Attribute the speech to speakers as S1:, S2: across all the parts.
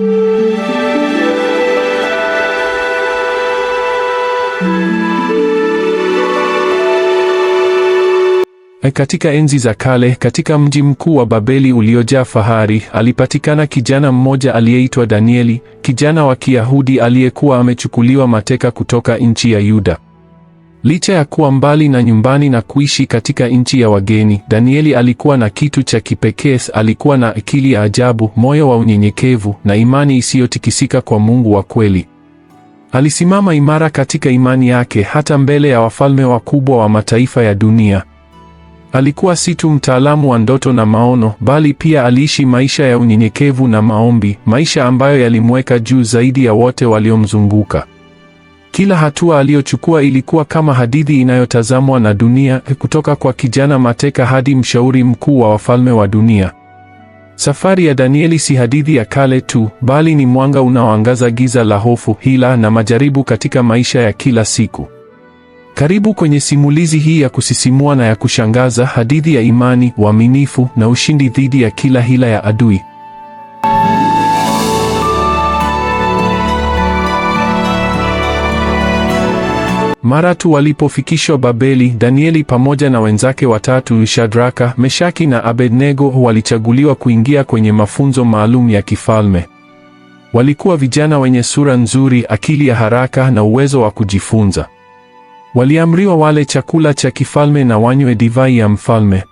S1: E, katika enzi za kale, katika mji mkuu wa Babeli uliojaa fahari, alipatikana kijana mmoja aliyeitwa Danieli, kijana wa Kiyahudi aliyekuwa amechukuliwa mateka kutoka nchi ya Yuda. Licha ya kuwa mbali na nyumbani na kuishi katika nchi ya wageni, Danieli alikuwa na kitu cha kipekee. Alikuwa na akili ya ajabu, moyo wa unyenyekevu na imani isiyotikisika kwa Mungu wa kweli. Alisimama imara katika imani yake hata mbele ya wafalme wakubwa wa mataifa ya dunia. Alikuwa si tu mtaalamu wa ndoto na maono, bali pia aliishi maisha ya unyenyekevu na maombi, maisha ambayo yalimweka juu zaidi ya wote waliomzunguka. Kila hatua aliyochukua ilikuwa kama hadithi inayotazamwa na dunia, kutoka kwa kijana mateka hadi mshauri mkuu wa wafalme wa dunia. Safari ya Danieli si hadithi ya kale tu, bali ni mwanga unaoangaza giza la hofu, hila na majaribu katika maisha ya kila siku. Karibu kwenye simulizi hii ya kusisimua na ya kushangaza, hadithi ya imani, uaminifu na ushindi dhidi ya kila hila ya adui. Mara tu walipofikishwa Babeli, Danieli pamoja na wenzake watatu, Shadraka, Meshaki na Abednego, walichaguliwa kuingia kwenye mafunzo maalum ya kifalme. Walikuwa vijana wenye sura nzuri, akili ya haraka na uwezo wa kujifunza. Waliamriwa wale chakula cha kifalme na wanywe divai ya mfalme.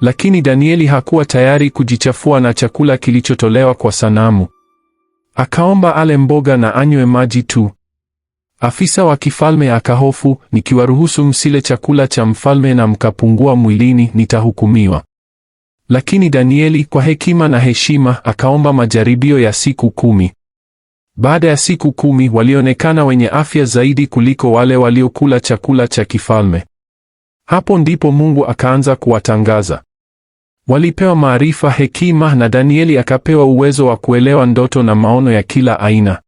S1: Lakini Danieli hakuwa tayari kujichafua na chakula kilichotolewa kwa sanamu. Akaomba ale mboga na anywe maji tu. Afisa wa kifalme akahofu, nikiwaruhusu msile chakula cha mfalme na mkapungua mwilini, nitahukumiwa. Lakini Danieli kwa hekima na heshima akaomba majaribio ya siku kumi. Baada ya siku kumi walionekana wenye afya zaidi kuliko wale waliokula chakula cha kifalme. Hapo ndipo Mungu akaanza kuwatangaza. Walipewa maarifa, hekima na Danieli akapewa uwezo wa kuelewa ndoto na maono ya kila aina.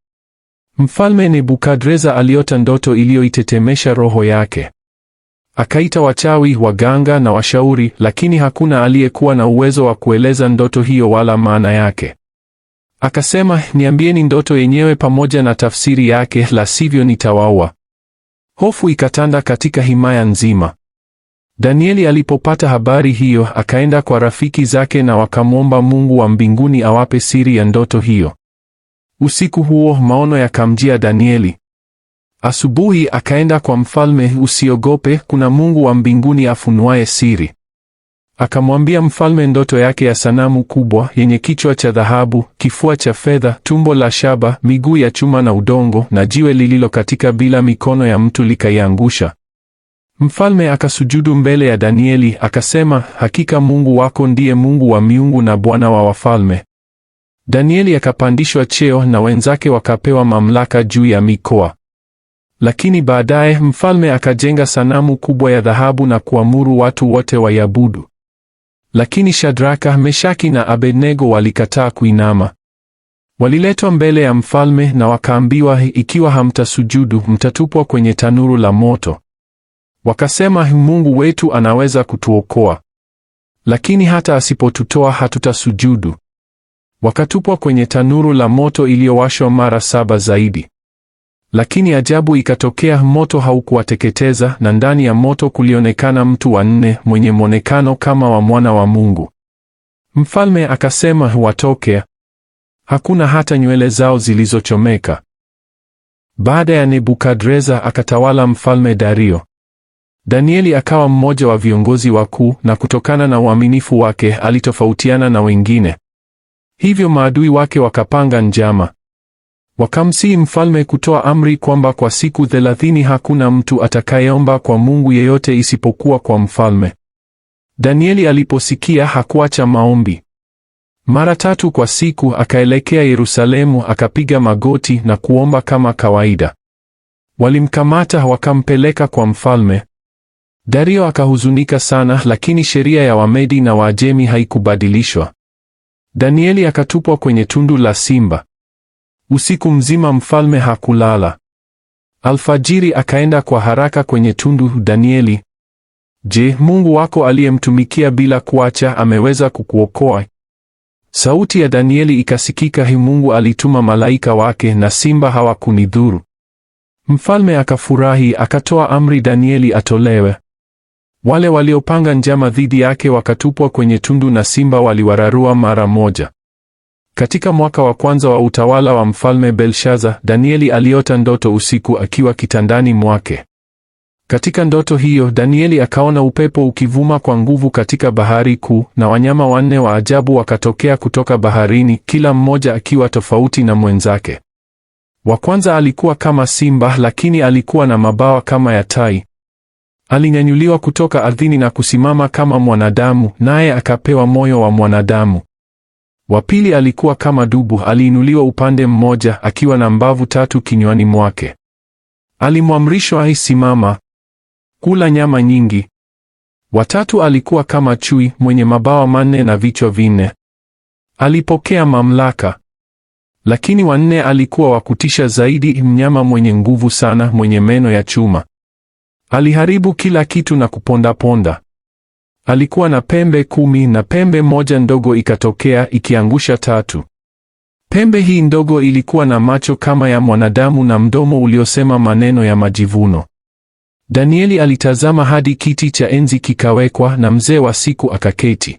S1: Mfalme Nebukadreza aliota ndoto iliyoitetemesha roho yake. Akaita wachawi, waganga na washauri, lakini hakuna aliyekuwa na uwezo wa kueleza ndoto hiyo wala maana yake. Akasema, niambieni ndoto yenyewe pamoja na tafsiri yake, la sivyo nitawaua. Hofu ikatanda katika himaya nzima. Danieli alipopata habari hiyo, akaenda kwa rafiki zake na wakamwomba Mungu wa mbinguni awape siri ya ndoto hiyo. Usiku huo maono yakamjia Danieli. Asubuhi akaenda kwa mfalme. Usiogope, kuna Mungu wa mbinguni afunuaye siri. Akamwambia mfalme ndoto yake ya sanamu kubwa yenye kichwa cha dhahabu, kifua cha fedha, tumbo la shaba, miguu ya chuma na udongo, na jiwe lililokatika bila mikono ya mtu likaiangusha. Mfalme akasujudu mbele ya Danieli akasema, hakika Mungu wako ndiye Mungu wa miungu na Bwana wa wafalme. Danieli akapandishwa cheo na wenzake wakapewa mamlaka juu ya mikoa. Lakini baadaye mfalme akajenga sanamu kubwa ya dhahabu na kuamuru watu wote waiabudu. Lakini Shadraka, Meshaki na Abednego walikataa kuinama. Waliletwa mbele ya mfalme na wakaambiwa, ikiwa hamtasujudu mtatupwa kwenye tanuru la moto. Wakasema, Mungu wetu anaweza kutuokoa, lakini hata asipotutoa hatutasujudu wakatupwa kwenye tanuru la moto iliyowashwa mara saba zaidi. Lakini ajabu ikatokea, moto haukuwateketeza, na ndani ya moto kulionekana mtu wa nne mwenye mwonekano kama wa mwana wa Mungu. Mfalme akasema watoke. Hakuna hata nywele zao zilizochomeka. Baada ya Nebukadreza akatawala mfalme Dario. Danieli akawa mmoja wa viongozi wakuu, na kutokana na uaminifu wake alitofautiana na wengine. Hivyo maadui wake wakapanga njama, wakamsii mfalme kutoa amri kwamba kwa siku thelathini hakuna mtu atakayeomba kwa Mungu yeyote isipokuwa kwa mfalme. Danieli aliposikia hakuacha maombi. Mara tatu kwa siku akaelekea Yerusalemu, akapiga magoti na kuomba kama kawaida. Walimkamata wakampeleka kwa mfalme. Dario akahuzunika sana, lakini sheria ya Wamedi na Waajemi haikubadilishwa. Danieli akatupwa kwenye tundu la simba. Usiku mzima mfalme hakulala. Alfajiri akaenda kwa haraka kwenye tundu. Danieli, je, Mungu wako aliyemtumikia bila kuacha ameweza kukuokoa? Sauti ya Danieli ikasikika, hi Mungu alituma malaika wake na simba hawakunidhuru. Mfalme akafurahi, akatoa amri Danieli atolewe. Wale waliopanga njama dhidi yake wakatupwa kwenye tundu na simba waliwararua mara moja. Katika mwaka wa kwanza wa utawala wa Mfalme Belshaza, Danieli aliota ndoto usiku akiwa kitandani mwake. Katika ndoto hiyo, Danieli akaona upepo ukivuma kwa nguvu katika bahari kuu na wanyama wanne wa ajabu wakatokea kutoka baharini, kila mmoja akiwa tofauti na mwenzake. Wa kwanza alikuwa kama simba, lakini alikuwa na mabawa kama ya tai. Alinyanyuliwa kutoka ardhini na kusimama kama mwanadamu, naye akapewa moyo wa mwanadamu. Wa pili alikuwa kama dubu, aliinuliwa upande mmoja, akiwa na mbavu tatu kinywani mwake. Alimwamrishwa aisimama, kula nyama nyingi. Watatu alikuwa kama chui mwenye mabawa manne na vichwa vinne. Alipokea mamlaka. Lakini wanne alikuwa wa kutisha zaidi, mnyama mwenye nguvu sana, mwenye meno ya chuma. Aliharibu kila kitu na kupondaponda. Alikuwa na pembe kumi na pembe moja ndogo ikatokea ikiangusha tatu. Pembe hii ndogo ilikuwa na macho kama ya mwanadamu na mdomo uliosema maneno ya majivuno. Danieli alitazama hadi kiti cha enzi kikawekwa na mzee wa siku akaketi.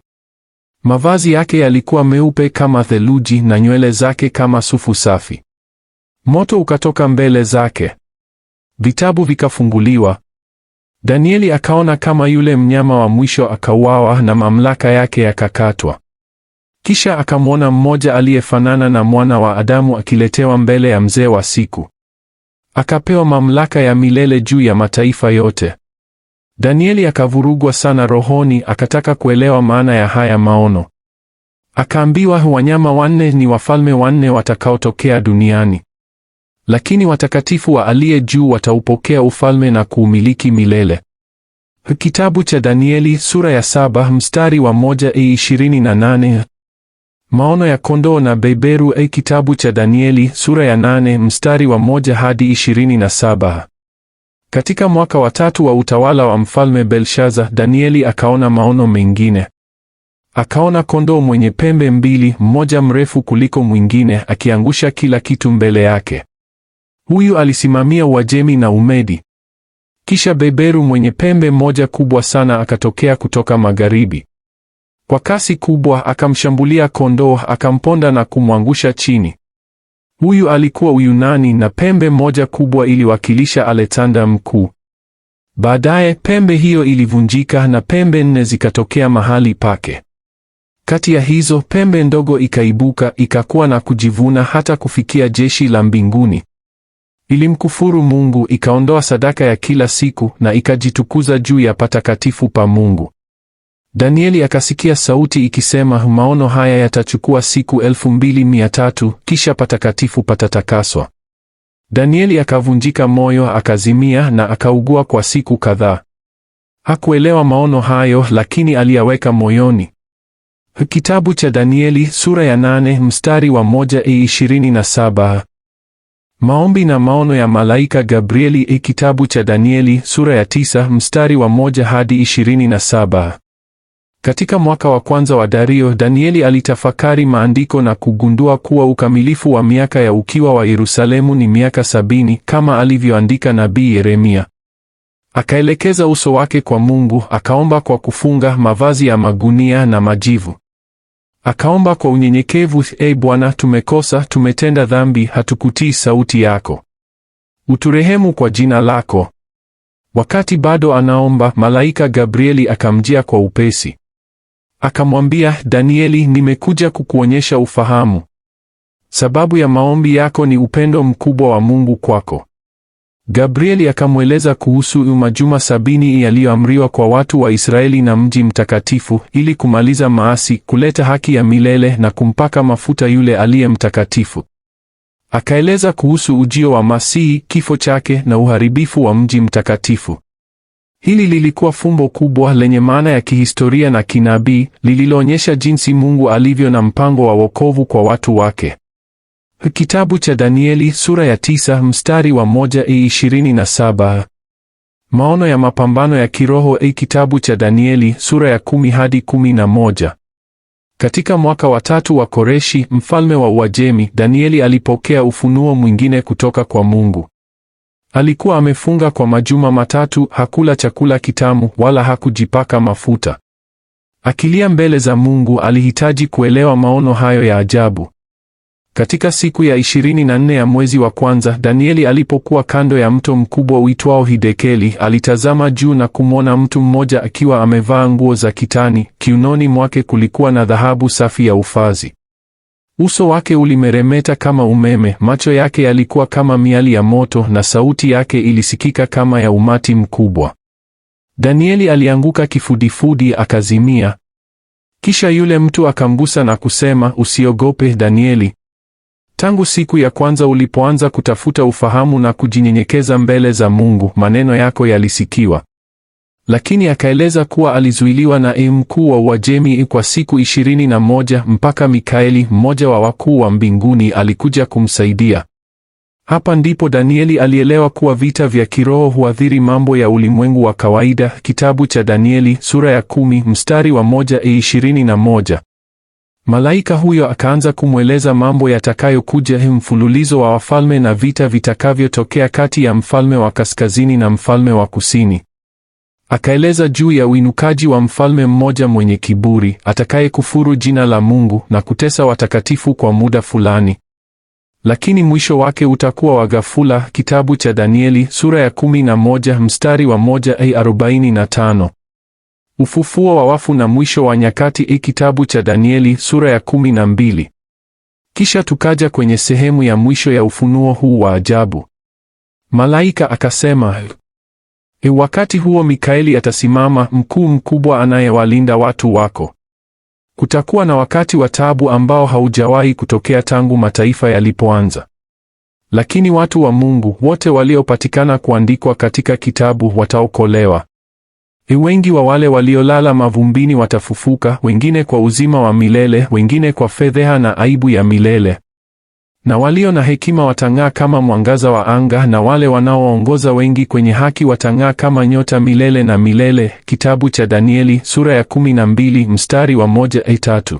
S1: Mavazi yake yalikuwa meupe kama theluji na nywele zake kama sufu safi. Moto ukatoka mbele zake. Vitabu vikafunguliwa, Danieli akaona kama yule mnyama wa mwisho akauawa na mamlaka yake yakakatwa. Kisha akamwona mmoja aliyefanana na mwana wa Adamu akiletewa mbele ya mzee wa siku, akapewa mamlaka ya milele juu ya mataifa yote. Danieli akavurugwa sana rohoni, akataka kuelewa maana ya haya maono. Akaambiwa wanyama wanne ni wafalme wanne watakaotokea duniani lakini watakatifu wa aliye juu wataupokea ufalme na kuumiliki milele. Kitabu cha Danieli sura ya saba mstari wa moja e ishirini na nane. Maono ya kondoo na beberu e kitabu cha Danieli sura ya nane mstari wa moja hadi ishirini na saba. Katika mwaka wa tatu wa utawala wa mfalme Belshaza, Danieli akaona maono mengine. Akaona kondoo mwenye pembe mbili, mmoja mrefu kuliko mwingine, akiangusha kila kitu mbele yake. Huyu alisimamia Uajemi na Umedi. Kisha beberu mwenye pembe moja kubwa sana akatokea kutoka magharibi. Kwa kasi kubwa akamshambulia kondoo, akamponda na kumwangusha chini. Huyu alikuwa Uyunani na pembe moja kubwa iliwakilisha aletanda Mkuu. Baadaye pembe hiyo ilivunjika na pembe nne zikatokea mahali pake. Kati ya hizo pembe ndogo ikaibuka, ikakuwa na kujivuna hata kufikia jeshi la mbinguni. Ilimkufuru Mungu, ikaondoa sadaka ya kila siku na ikajitukuza juu ya patakatifu pa Mungu. Danieli akasikia sauti ikisema, maono haya yatachukua siku elfu mbili mia tatu kisha patakatifu patatakaswa. Danieli akavunjika moyo, akazimia na akaugua kwa siku kadhaa. Hakuelewa maono hayo, lakini aliyaweka moyoni. Kitabu cha Danieli sura ya nane mstari wa moja e ishirini na saba. Maombi na maono ya malaika Gabrieli. E, kitabu cha Danieli sura ya tisa mstari wa moja hadi ishirini na saba. Katika mwaka wa kwanza wa Dario, Danieli alitafakari maandiko na kugundua kuwa ukamilifu wa miaka ya ukiwa wa Yerusalemu ni miaka sabini kama alivyoandika nabii Yeremia. Akaelekeza uso wake kwa Mungu, akaomba kwa kufunga mavazi ya magunia na majivu. Akaomba kwa unyenyekevu, E Bwana, tumekosa, tumetenda dhambi, hatukutii sauti yako, uturehemu kwa jina lako. Wakati bado anaomba, malaika Gabrieli akamjia kwa upesi, akamwambia, Danieli, nimekuja kukuonyesha ufahamu. Sababu ya maombi yako ni upendo mkubwa wa Mungu kwako. Gabrieli akamweleza kuhusu majuma sabini yaliyoamriwa kwa watu wa Israeli na mji mtakatifu ili kumaliza maasi, kuleta haki ya milele na kumpaka mafuta yule aliye mtakatifu. Akaeleza kuhusu ujio wa Masihi, kifo chake na uharibifu wa mji mtakatifu. Hili lilikuwa fumbo kubwa lenye maana ya kihistoria na kinabii, lililoonyesha jinsi Mungu alivyo na mpango wa wokovu kwa watu wake. Kitabu cha Danieli sura ya tisa mstari wa moja i e, ishirini na saba. Maono ya mapambano ya kiroho i e, kitabu cha Danieli sura ya kumi hadi kumi na moja. Katika mwaka wa tatu wa Koreshi mfalme wa Uajemi, Danieli alipokea ufunuo mwingine kutoka kwa Mungu. Alikuwa amefunga kwa majuma matatu, hakula chakula kitamu wala hakujipaka mafuta. Akilia mbele za Mungu, alihitaji kuelewa maono hayo ya ajabu. Katika siku ya 24 ya mwezi wa kwanza, Danieli alipokuwa kando ya mto mkubwa uitwao Hidekeli, alitazama juu na kumwona mtu mmoja akiwa amevaa nguo za kitani, kiunoni mwake kulikuwa na dhahabu safi ya ufazi. Uso wake ulimeremeta kama umeme, macho yake yalikuwa kama miali ya moto, na sauti yake ilisikika kama ya umati mkubwa. Danieli alianguka kifudifudi, akazimia. Kisha yule mtu akamgusa na kusema, usiogope Danieli, Tangu siku ya kwanza ulipoanza kutafuta ufahamu na kujinyenyekeza mbele za Mungu, maneno yako yalisikiwa. Lakini akaeleza kuwa alizuiliwa na ee mkuu wa Uajemi kwa siku ishirini na moja mpaka Mikaeli, mmoja wa wakuu wa mbinguni, alikuja kumsaidia. Hapa ndipo Danieli alielewa kuwa vita vya kiroho huathiri mambo ya ulimwengu wa kawaida. Kitabu cha Danieli sura ya kumi mstari wa moja e ishirini na moja. Malaika huyo akaanza kumweleza mambo yatakayokuja, mfululizo wa wafalme na vita vitakavyotokea kati ya mfalme wa kaskazini na mfalme wa kusini. Akaeleza juu ya uinukaji wa mfalme mmoja mwenye kiburi atakayekufuru jina la Mungu na kutesa watakatifu kwa muda fulani, lakini mwisho wake utakuwa wa ghafula. Kitabu cha Danieli sura ya 11 mstari wa 1 Ufufuo wa wafu na mwisho wa nyakati. i kitabu cha Danieli sura ya kumi na mbili. Kisha tukaja kwenye sehemu ya mwisho ya ufunuo huu wa ajabu. Malaika akasema, e, wakati huo Mikaeli atasimama, mkuu mkubwa anayewalinda watu wako. Kutakuwa na wakati wa taabu ambao haujawahi kutokea tangu mataifa yalipoanza, lakini watu wa Mungu wote waliopatikana kuandikwa katika kitabu wataokolewa. E wengi wa wale waliolala mavumbini watafufuka, wengine kwa uzima wa milele, wengine kwa fedheha na aibu ya milele. Na walio na hekima watang'aa kama mwangaza wa anga, na wale wanaoongoza wengi kwenye haki watang'aa kama nyota milele na milele. Kitabu cha Danieli sura ya mbili mstari wa moja hadi e tatu.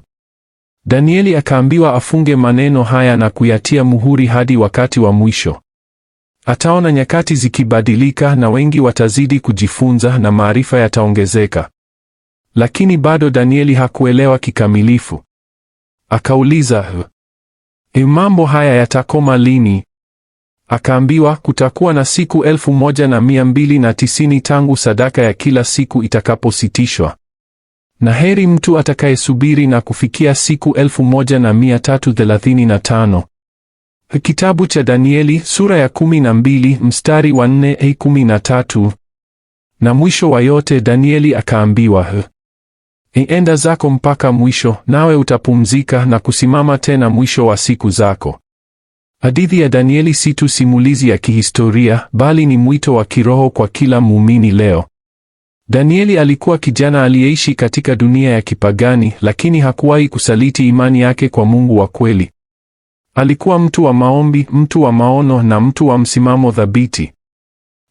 S1: Danieli akaambiwa afunge maneno haya na kuyatia muhuri hadi wakati wa mwisho. Ataona nyakati zikibadilika na wengi watazidi kujifunza na maarifa yataongezeka. Lakini bado Danieli hakuelewa kikamilifu. Akauliza, eh, mambo haya yatakoma lini? Akaambiwa kutakuwa na siku elfu moja na mia mbili na tisini tangu sadaka ya kila siku itakapositishwa. Na heri mtu atakayesubiri na kufikia siku elfu moja na mia tatu thelathini na tano. Kitabu cha Danieli sura ya kumi na mbili mstari wa nne hadi kumi na tatu. Na mwisho wa yote Danieli akaambiwa, enda zako mpaka mwisho, nawe utapumzika na kusimama tena mwisho wa siku zako. Hadithi ya Danieli si tu simulizi ya kihistoria, bali ni mwito wa kiroho kwa kila muumini leo. Danieli alikuwa kijana aliyeishi katika dunia ya kipagani, lakini hakuwahi kusaliti imani yake kwa Mungu wa kweli. Alikuwa mtu wa maombi, mtu wa maono na mtu wa msimamo thabiti.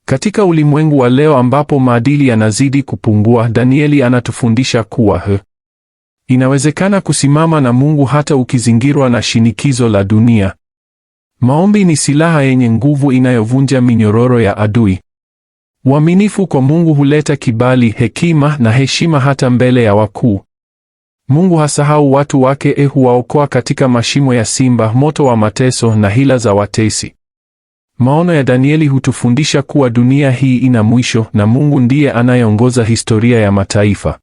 S1: Katika ulimwengu wa leo ambapo maadili yanazidi kupungua, Danieli anatufundisha kuwa he, inawezekana kusimama na Mungu hata ukizingirwa na shinikizo la dunia. Maombi ni silaha yenye nguvu inayovunja minyororo ya adui. Uaminifu kwa Mungu huleta kibali, hekima na heshima hata mbele ya wakuu. Mungu hasahau watu wake, e, huwaokoa katika mashimo ya simba, moto wa mateso na hila za watesi. Maono ya Danieli hutufundisha kuwa dunia hii ina mwisho na Mungu ndiye anayeongoza historia ya mataifa.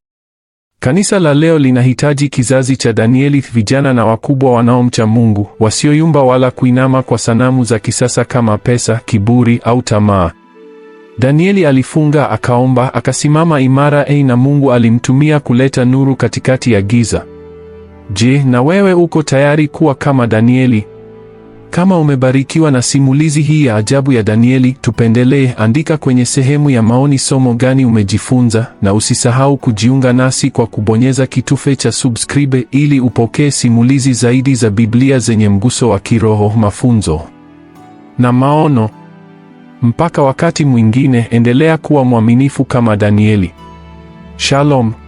S1: Kanisa la leo linahitaji kizazi cha Danieli, vijana na wakubwa wanaomcha Mungu, wasioyumba wala kuinama kwa sanamu za kisasa kama pesa, kiburi au tamaa. Danieli alifunga, akaomba, akasimama imara ei, na Mungu alimtumia kuleta nuru katikati ya giza. Je, na wewe uko tayari kuwa kama Danieli? Kama umebarikiwa na simulizi hii ya ajabu ya Danieli, tupendelee, andika kwenye sehemu ya maoni somo gani umejifunza, na usisahau kujiunga nasi kwa kubonyeza kitufe cha subscribe ili upokee simulizi zaidi za Biblia zenye mguso wa kiroho, mafunzo na maono. Mpaka wakati mwingine, endelea kuwa mwaminifu kama Danieli. Shalom.